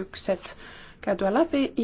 esitykset käytyä läpi.